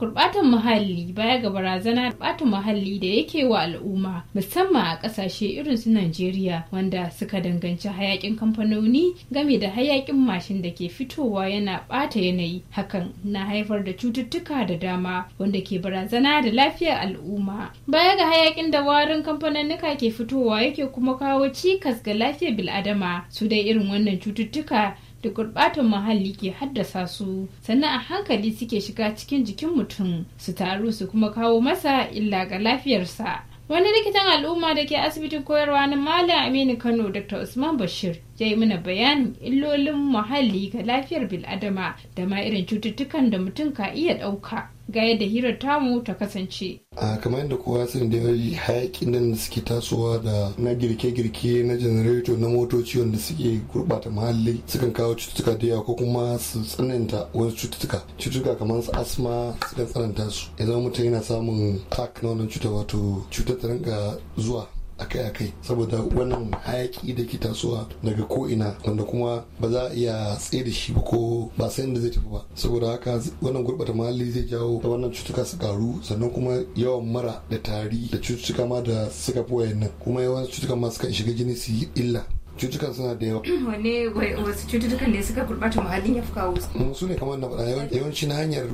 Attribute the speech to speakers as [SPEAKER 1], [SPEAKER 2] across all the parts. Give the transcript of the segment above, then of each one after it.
[SPEAKER 1] Kurɓatan muhalli baya ga barazana ɓata muhalli da yake wa al'umma musamman a ƙasashe irin su Najeriya wanda suka danganci hayakin kamfanoni game da hayakin mashin da ke fitowa yana ɓata yanayi hakan na haifar da cututtuka da dama wanda ke barazana da lafiyar al'umma. Baya ga hayakin da warin kamfanonika ke fitowa yake kuma kawo cikas ga lafiyar bil'adama su dai irin wannan cututtuka da gurbatan muhalli ke haddasa su sannan a hankali suke shiga cikin jikin mutum su taru su kuma kawo masa illa ga lafiyarsa wani likitan al'umma da ke asibitin koyarwa na malam aminu kano dr usman bashir ya yi mana bayanin illolin muhalli ga lafiyar bil'adama da ma irin cututtukan da mutum ka iya ɗauka ga yadda hirar tamu ta kasance.
[SPEAKER 2] a kamar yadda kowa sun da hayakin nan suke tasowa da na girke-girke na janareto na motoci wanda suke gurbata muhalli sukan kawo cututtuka da yawa ko kuma su tsananta wasu cututtuka cututtuka kamar su asma sukan tsananta su idan mutum yana samun tak na wannan cuta wato cutar ta zuwa akai-akai saboda wannan hayaki da ke tasowa daga ko'ina wanda kuma ba za a iya tsaye da shi ba ko ba san da zai tafi ba saboda haka wannan gurbata muhalli zai jawo da wannan cutuka su karu sannan kuma yawan mara da tari da cututtuka ma da suka fi wayannan kuma yawan cututtuka ma suka shiga jini su yi illa cututtukan suna da yawa.
[SPEAKER 1] Wane wasu cututtukan ne suka gurbata muhallin ya fi kawo
[SPEAKER 2] su? Su ne kamar na faɗa yawanci na hanyar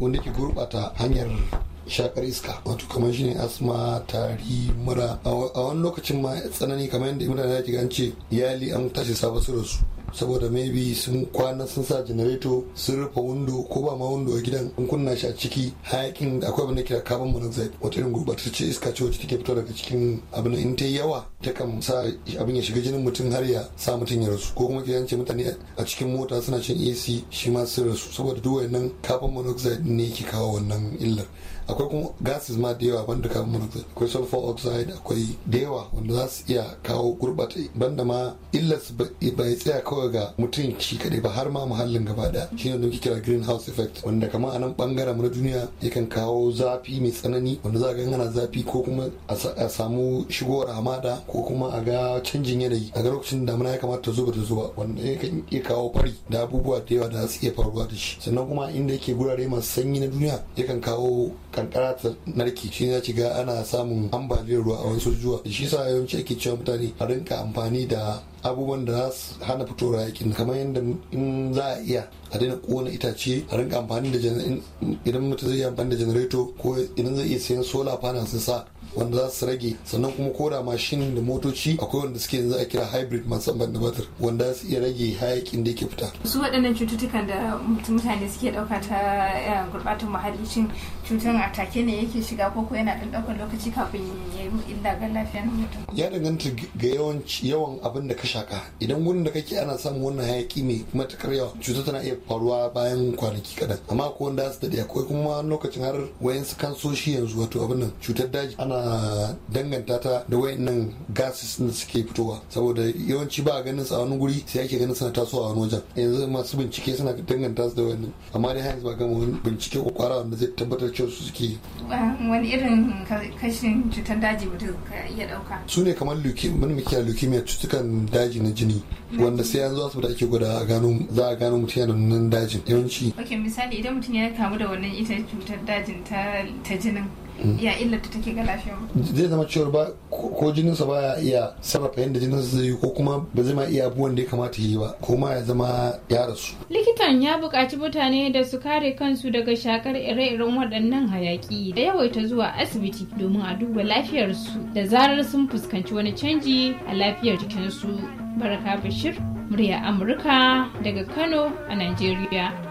[SPEAKER 2] wanda ke gurbata hanyar shakar iska wato kamar shine asma tari mura a wani lokacin ma tsanani kamar yadda mutane ya ce an tashi safe su saboda maybe sun kwana sun sa janareto sun rufe windo ko ba ma windo a gidan in kunna shi a ciki hayakin akwai abin da kira carbon monoxide wata irin gurbatacce iska ce wacce take fito daga cikin abin in ta yi yawa ta kan sa abin ya shiga jinin mutum har ya sa mutum ya rasu ko kuma kiran mutane a cikin mota suna cin AC shi ma sun rasu saboda duk wannan carbon monoxide ne yake kawo wannan illar akwai kuma gases ma da yawa banda carbon monoxide akwai sulfur oxide akwai da yawa wanda za su iya kawo gurbata banda ma illar ba ya tsaya kawai kawai ga mutum shi kadai ba har ma muhallin gaba da shi ne wanda kira greenhouse effect wanda kamar a nan bangaren mu na duniya yakan kawo zafi mai tsanani wanda za ga ana zafi ko kuma a samu shigowar hamada ko kuma a ga canjin yanayi a ga lokacin damuna ya kamata ta zuba ta zuwa wanda yakan iya kawo fari da abubuwa da yawa da su iya faruwa da shi sannan kuma inda yake gurare masu sanyi na duniya yakan kawo kankara ta narki shi ne ga ana samun ambaliyar ruwa a wasu zuwa shi sa yawanci ake cewa mutane a rinka amfani da abubuwan da za su hana fito saura yakin kamar yadda in za a iya a daina kona itace a rinka amfani da idan mutum zai yi amfani da janareto ko idan zai iya sayan solar panel sun sa wanda za su rage sannan kuma koda mashin da motoci akwai wanda suke yanzu a kira hybrid masu amfani da batir wanda su iya rage hayakin da yake fita
[SPEAKER 1] su waɗannan cututtukan da mutane suke ɗauka ta eh, gurɓatar muhalli shin cutar a take ne yake shiga ko ko yana ɗan ɗaukar lokaci kafin ya yi illa ga lafiyar mutum ya
[SPEAKER 2] danganta ga yawan abin da ka shaka idan wurin da kake ana ana samun wannan hayaki mai matakar yawa cutar tana iya faruwa bayan kwanaki kaɗan amma ko wanda su daɗe akwai kuma lokacin har wayansu kansoshi yanzu wato abin nan cutar daji ana danganta ta da nan gases da suke fitowa saboda yawanci ba a ganin su a wani guri sai ake ganin suna tasowa a wani wajen yanzu masu bincike suna danganta su da wayannan amma dai su ba gama wani bincike kwara wanda zai tabbatar cewa su suke
[SPEAKER 1] wani irin kashin cutar daji mutum ka iya ɗauka
[SPEAKER 2] su ne kamar leukemia leukemia cutukan daji na jini wanda sai yanzu asibiti ake gwada gano za a gano mutum yana nan dajin yawanci
[SPEAKER 1] ok misali idan mutum ya kamu da wannan ita cutar dajin ta jinin mm. ya illata take ga lafiyar
[SPEAKER 2] zai zama cewar ba ko jininsa ba ya iya sarrafa yadda jininsa zai yi ko kuma ba zai ma iya abubuwan da ya kamata yi ba ko ma ya zama ya rasu
[SPEAKER 1] likitan ya buƙaci mutane da su kare kansu daga shakar ire-iren waɗannan hayaƙi da yawaita zuwa asibiti domin a duba lafiyarsu da zarar sun fuskanci wani canji a lafiyar jikinsu baraka bashir murya Amurka daga Kano a Najeriya.